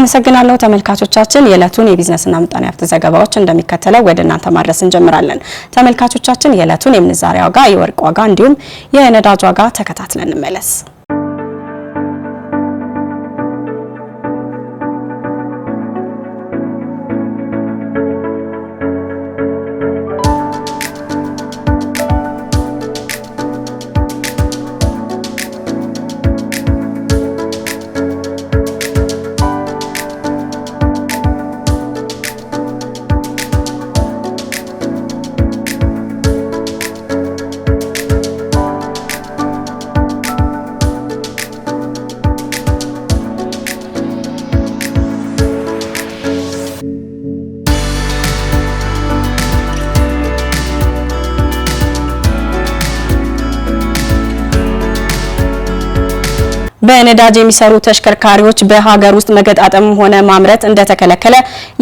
አመሰግናለሁ ተመልካቾቻችን። የዕለቱን የቢዝነስና ምጣኔ ሀብት ዘገባዎች እንደሚከተለው ወደ እናንተ ማድረስ እንጀምራለን። ተመልካቾቻችን የዕለቱን የምንዛሬ ዋጋ፣ የወርቅ ዋጋ እንዲሁም የነዳጅ ዋጋ ተከታትለን እንመለስ። በነዳጅ የሚሰሩ ተሽከርካሪዎች በሀገር ውስጥ መገጣጠም ሆነ ማምረት እንደተከለከለ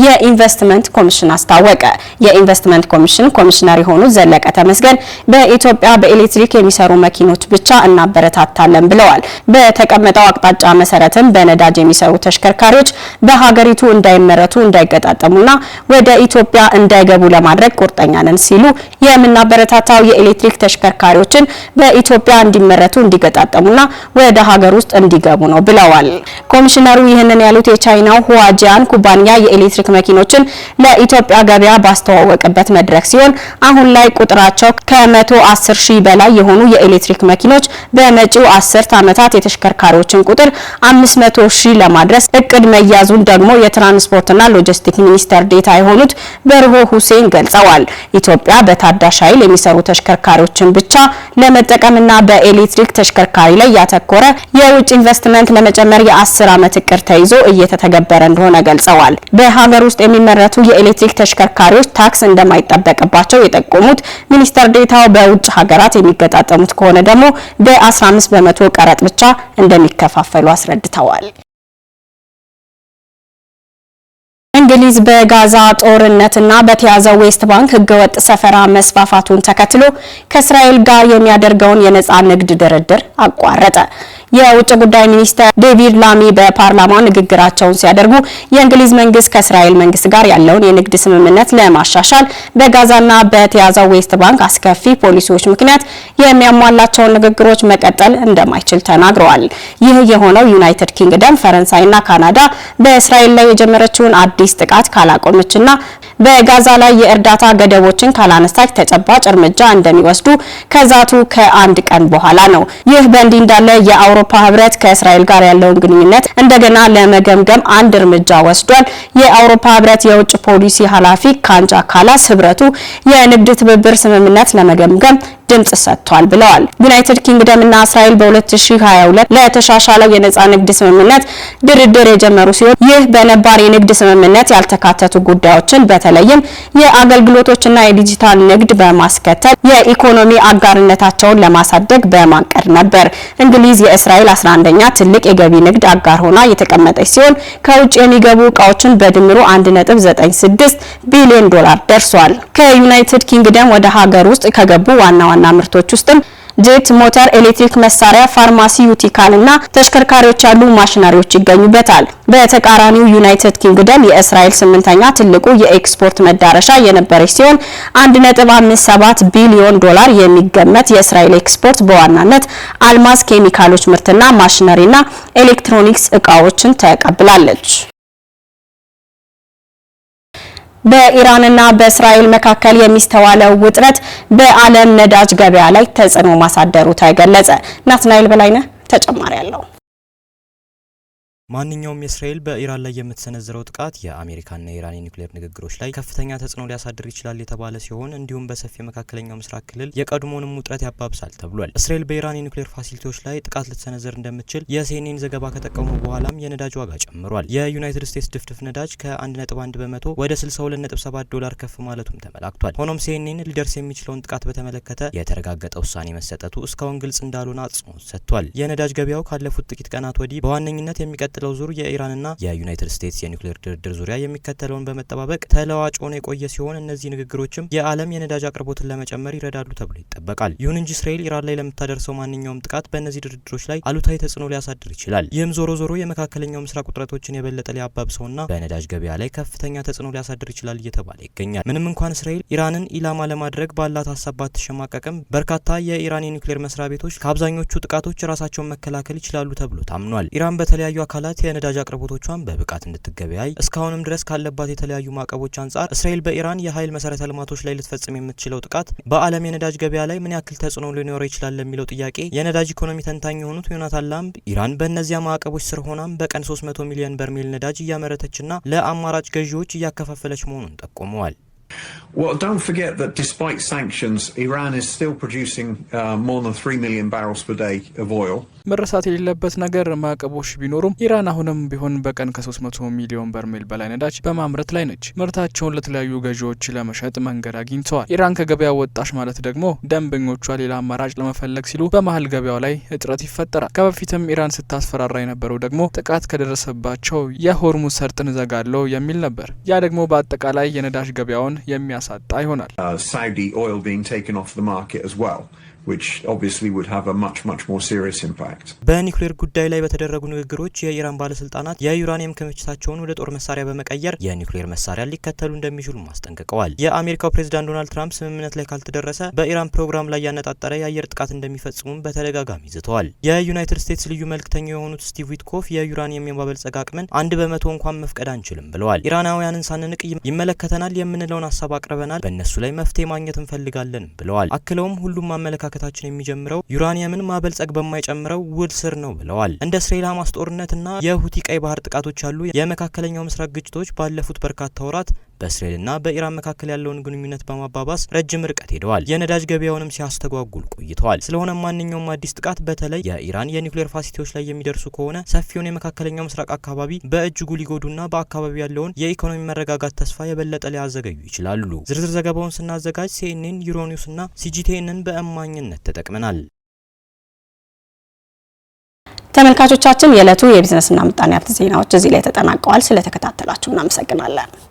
የኢንቨስትመንት ኮሚሽን አስታወቀ። የኢንቨስትመንት ኮሚሽን ኮሚሽነር የሆኑት ዘለቀ ተመስገን በኢትዮጵያ በኤሌክትሪክ የሚሰሩ መኪኖች ብቻ እናበረታታለን ብለዋል። በተቀመጠው አቅጣጫ መሰረትም በነዳጅ የሚሰሩ ተሽከርካሪዎች በሀገሪቱ እንዳይመረቱ፣ እንዳይገጣጠሙና ወደ ኢትዮጵያ እንዳይገቡ ለማድረግ ቁርጠኛ ነን ሲሉ የምናበረታታው የኤሌክትሪክ ተሽከርካሪዎችን በኢትዮጵያ እንዲመረቱ፣ እንዲገጣጠሙና ወደ ሀገር ውስጥ እንዲገቡ ነው ብለዋል። ኮሚሽነሩ ይህንን ያሉት የቻይናው ሁዋጂያን ኩባንያ የኤሌክትሪክ መኪኖችን ለኢትዮጵያ ገበያ ባስተዋወቀበት መድረክ ሲሆን አሁን ላይ ቁጥራቸው ከ110 ሺህ በላይ የሆኑ የኤሌክትሪክ መኪኖች በመጪው አስርት ዓመታት የተሽከርካሪዎችን ቁጥር 500 ሺህ ለማድረስ እቅድ መያዙን ደግሞ የትራንስፖርትና ሎጂስቲክስ ሚኒስተር ዴታ የሆኑት በርሆ ሁሴን ገልጸዋል። ኢትዮጵያ በታዳሽ ኃይል የሚሰሩ ተሽከርካሪዎችን ብቻ ለመጠቀምና በኤሌክትሪክ ተሽከርካሪ ላይ ያተኮረ የውጭ ኢንቨስትመንት ለመጨመር የአስር ዓመት እቅድ ተይዞ እየተተገበረ እንደሆነ ገልጸዋል። በሀገር ውስጥ የሚመረቱ የኤሌክትሪክ ተሽከርካሪዎች ታክስ እንደማይጠበቅባቸው የጠቆሙት ሚኒስተር ዴታው በውጭ ሀገራት የሚገጣጠሙት ከሆነ ደግሞ በ15 በመቶ ቀረጥ ብቻ እንደሚከፋፈሉ አስረድተዋል። እንግሊዝ በጋዛ ጦርነትና በተያዘው ዌስት ባንክ ህገወጥ ሰፈራ መስፋፋቱን ተከትሎ ከእስራኤል ጋር የሚያደርገውን የነፃ ንግድ ድርድር አቋረጠ። የውጭ ጉዳይ ሚኒስትር ዴቪድ ላሚ በፓርላማ ንግግራቸውን ሲያደርጉ የእንግሊዝ መንግስት ከእስራኤል መንግስት ጋር ያለውን የንግድ ስምምነት ለማሻሻል በጋዛና በተያዘው ዌስት ባንክ አስከፊ ፖሊሲዎች ምክንያት የሚያሟላቸውን ንግግሮች መቀጠል እንደማይችል ተናግረዋል። ይህ የሆነው ዩናይትድ ኪንግደም፣ ፈረንሳይና ካናዳ በእስራኤል ላይ የጀመረችውን አዲስ ጥቃት ካላቆመችና በጋዛ ላይ የእርዳታ ገደቦችን ካላነሳች ተጨባጭ እርምጃ እንደሚወስዱ ከዛቱ ከአንድ ቀን በኋላ ነው። ይህ በእንዲህ እንዳለ የአውሮ የአውሮፓ ህብረት ከእስራኤል ጋር ያለውን ግንኙነት እንደገና ለመገምገም አንድ እርምጃ ወስዷል። የአውሮፓ ህብረት የውጭ ፖሊሲ ኃላፊ ካንጃ ካላስ ህብረቱ የንግድ ትብብር ስምምነት ለመገምገም ድምጽ ሰጥቷል ብለዋል። ዩናይትድ ኪንግደም እና እስራኤል በ2022 ለተሻሻለው የነጻ ንግድ ስምምነት ድርድር የጀመሩ ሲሆን ይህ በነባር የንግድ ስምምነት ያልተካተቱ ጉዳዮችን በተለይም የአገልግሎቶችና የዲጂታል ንግድ በማስከተል የኢኮኖሚ አጋርነታቸውን ለማሳደግ በማቀድ ነበር። እንግሊዝ የእስራኤል 11ኛ ትልቅ የገቢ ንግድ አጋር ሆና የተቀመጠች ሲሆን ከውጭ የሚገቡ እቃዎችን በድምሩ 1.96 ቢሊዮን ዶላር ደርሷል። ከዩናይትድ ኪንግደም ወደ ሀገር ውስጥ ከገቡ ዋና ዋና ዋና ምርቶች ውስጥም ጄት ሞተር፣ ኤሌክትሪክ መሳሪያ፣ ፋርማሲዩቲካል እና ተሽከርካሪዎች ያሉ ማሽነሪዎች ይገኙበታል። በተቃራኒው ዩናይትድ ኪንግደም የእስራኤል ስምንተኛ ትልቁ የኤክስፖርት መዳረሻ የነበረች ሲሆን 1.57 ቢሊዮን ዶላር የሚገመት የእስራኤል ኤክስፖርት በዋናነት አልማዝ፣ ኬሚካሎች ምርትና ማሽነሪና ኤሌክትሮኒክስ እቃዎችን ተቀብላለች። በኢራንና በእስራኤል መካከል የሚስተዋለው ውጥረት በዓለም ነዳጅ ገበያ ላይ ተጽዕኖ ማሳደሩ ተገለጸ። ናትናኤል በላይነህ ተጨማሪ አለው። ማንኛውም የእስራኤል በኢራን ላይ የምትሰነዝረው ጥቃት የአሜሪካና የኢራን የኒውክሌር ንግግሮች ላይ ከፍተኛ ተጽዕኖ ሊያሳድር ይችላል የተባለ ሲሆን እንዲሁም በሰፊ የመካከለኛው ምስራቅ ክልል የቀድሞውንም ውጥረት ያባብሳል ተብሏል። እስራኤል በኢራን የኒውክሌር ፋሲሊቲዎች ላይ ጥቃት ልትሰነዝር እንደምትችል የሲኤንኤን ዘገባ ከጠቀሙ በኋላም የነዳጅ ዋጋ ጨምሯል። የዩናይትድ ስቴትስ ድፍድፍ ነዳጅ ከ1.1 በመቶ ወደ 62.7 ዶላር ከፍ ማለቱም ተመላክቷል። ሆኖም ሲኤንኤን ሊደርስ የሚችለውን ጥቃት በተመለከተ የተረጋገጠ ውሳኔ መሰጠቱ እስካሁን ግልጽ እንዳልሆነ አጽንኦት ሰጥቷል። የነዳጅ ገበያው ካለፉት ጥቂት ቀናት ወዲህ በዋነኝነት የሚቀጥ በሚቀጥለው ዙር የኢራንና የዩናይትድ ስቴትስ የኒውክሌር ድርድር ዙሪያ የሚከተለውን በመጠባበቅ ተለዋጭ ሆኖ የቆየ ሲሆን እነዚህ ንግግሮችም የዓለም የነዳጅ አቅርቦትን ለመጨመር ይረዳሉ ተብሎ ይጠበቃል። ይሁን እንጂ እስራኤል ኢራን ላይ ለምታደርሰው ማንኛውም ጥቃት በእነዚህ ድርድሮች ላይ አሉታዊ ተጽዕኖ ሊያሳድር ይችላል። ይህም ዞሮ ዞሮ የመካከለኛው ምስራቅ ውጥረቶችን የበለጠ ሊያባብሰውና በነዳጅ ገበያ ላይ ከፍተኛ ተጽዕኖ ሊያሳድር ይችላል እየተባለ ይገኛል። ምንም እንኳን እስራኤል ኢራንን ኢላማ ለማድረግ ባላት ሀሳብ ባትሸማቀቅም በርካታ የኢራን የኒውክሌር መስሪያ ቤቶች ከአብዛኞቹ ጥቃቶች ራሳቸውን መከላከል ይችላሉ ተብሎ ታምኗል። ኢራን በተለያዩ አካላት አካላት የነዳጅ አቅርቦቶቿን በብቃት እንድትገበያይ እስካሁንም ድረስ ካለባት የተለያዩ ማዕቀቦች አንጻር እስራኤል በኢራን የኃይል መሰረተ ልማቶች ላይ ልትፈጽም የምትችለው ጥቃት በዓለም የነዳጅ ገበያ ላይ ምን ያክል ተጽዕኖ ሊኖረው ይችላል ለሚለው ጥያቄ የነዳጅ ኢኮኖሚ ተንታኝ የሆኑት ዮናታን ላምብ ኢራን በእነዚያ ማዕቀቦች ስር ሆናም በቀን 300 ሚሊዮን በርሜል ነዳጅ እያመረተችና ለአማራጭ ገዢዎች እያከፋፈለች መሆኑን ጠቁመዋል። Well, don't forget that despite sanctions, Iran is still producing uh, more than 3 million barrels per day of oil. መረሳት የሌለበት ነገር ማዕቀቦች ቢኖሩም ኢራን አሁንም ቢሆን በቀን ከ300 ሚሊዮን በርሜል በላይ ነዳጅ በማምረት ላይ ነች። ምርታቸውን ለተለያዩ ገዢዎች ለመሸጥ መንገድ አግኝተዋል። ኢራን ከገበያ ወጣሽ ማለት ደግሞ ደንበኞቿ ሌላ አማራጭ ለመፈለግ ሲሉ በመሀል ገበያው ላይ እጥረት ይፈጠራል። ከበፊትም ኢራን ስታስፈራራ የነበረው ደግሞ ጥቃት ከደረሰባቸው የሆርሙዝ ሰርጥን ዘጋለው የሚል ነበር። ያ ደግሞ በአጠቃላይ የነዳጅ ገበያውን የሚያሳጣ ይሆናል። በኒውክሌር ጉዳይ ላይ በተደረጉ ንግግሮች የኢራን ባለስልጣናት የዩራኒየም ክምችታቸውን ወደ ጦር መሳሪያ በመቀየር የኒውክሌር መሳሪያ ሊከተሉ እንደሚችሉ አስጠንቅቀዋል። የአሜሪካው ፕሬዚዳንት ዶናልድ ትራምፕ ስምምነት ላይ ካልተደረሰ በኢራን ፕሮግራም ላይ ያነጣጠረ የአየር ጥቃት እንደሚፈጽሙም በተደጋጋሚ ዝተዋል። የዩናይትድ ስቴትስ ልዩ መልክተኛ የሆኑት ስቲቭ ዊትኮፍ የዩራኒየም የማበልጸግ አቅምን አንድ በመቶ እንኳን መፍቀድ አንችልም ብለዋል። ኢራናውያንን ሳንንቅ ይመለከተናል የምንለውን ሀሳብ አቅርበናል፣ በእነሱ ላይ መፍትሄ ማግኘት እንፈልጋለን ብለዋል። አክለውም ሁሉም አመለካከት መመልከታችን የሚጀምረው ዩራኒየምን ማበልጸግ በማይጨምረው ውል ስር ነው ብለዋል። እንደ እስራኤል ሀማስ ጦርነትና የሁቲ ቀይ ባህር ጥቃቶች ያሉ የመካከለኛው ምስራቅ ግጭቶች ባለፉት በርካታ ወራት በእስራኤልና በኢራን መካከል ያለውን ግንኙነት በማባባስ ረጅም ርቀት ሄደዋል። የነዳጅ ገበያውንም ሲያስተጓጉል ቆይተዋል። ስለሆነ ማንኛውም አዲስ ጥቃት በተለይ የኢራን የኒውክሌር ፋሲሊቲዎች ላይ የሚደርሱ ከሆነ ሰፊውን የመካከለኛው ምስራቅ አካባቢ በእጅጉ ሊጎዱና በአካባቢው ያለውን የኢኮኖሚ መረጋጋት ተስፋ የበለጠ ሊያዘገዩ ይችላሉ። ዝርዝር ዘገባውን ስናዘጋጅ ሲኤንኤን፣ ዩሮኒውስና ሲጂቴንን በእማኝነት ተጠቅመናል። ተመልካቾቻችን የዕለቱ የቢዝነስና ምጣኔ ሀብት ዜናዎች እዚህ ላይ ተጠናቀዋል። ስለተከታተላችሁ እናመሰግናለን።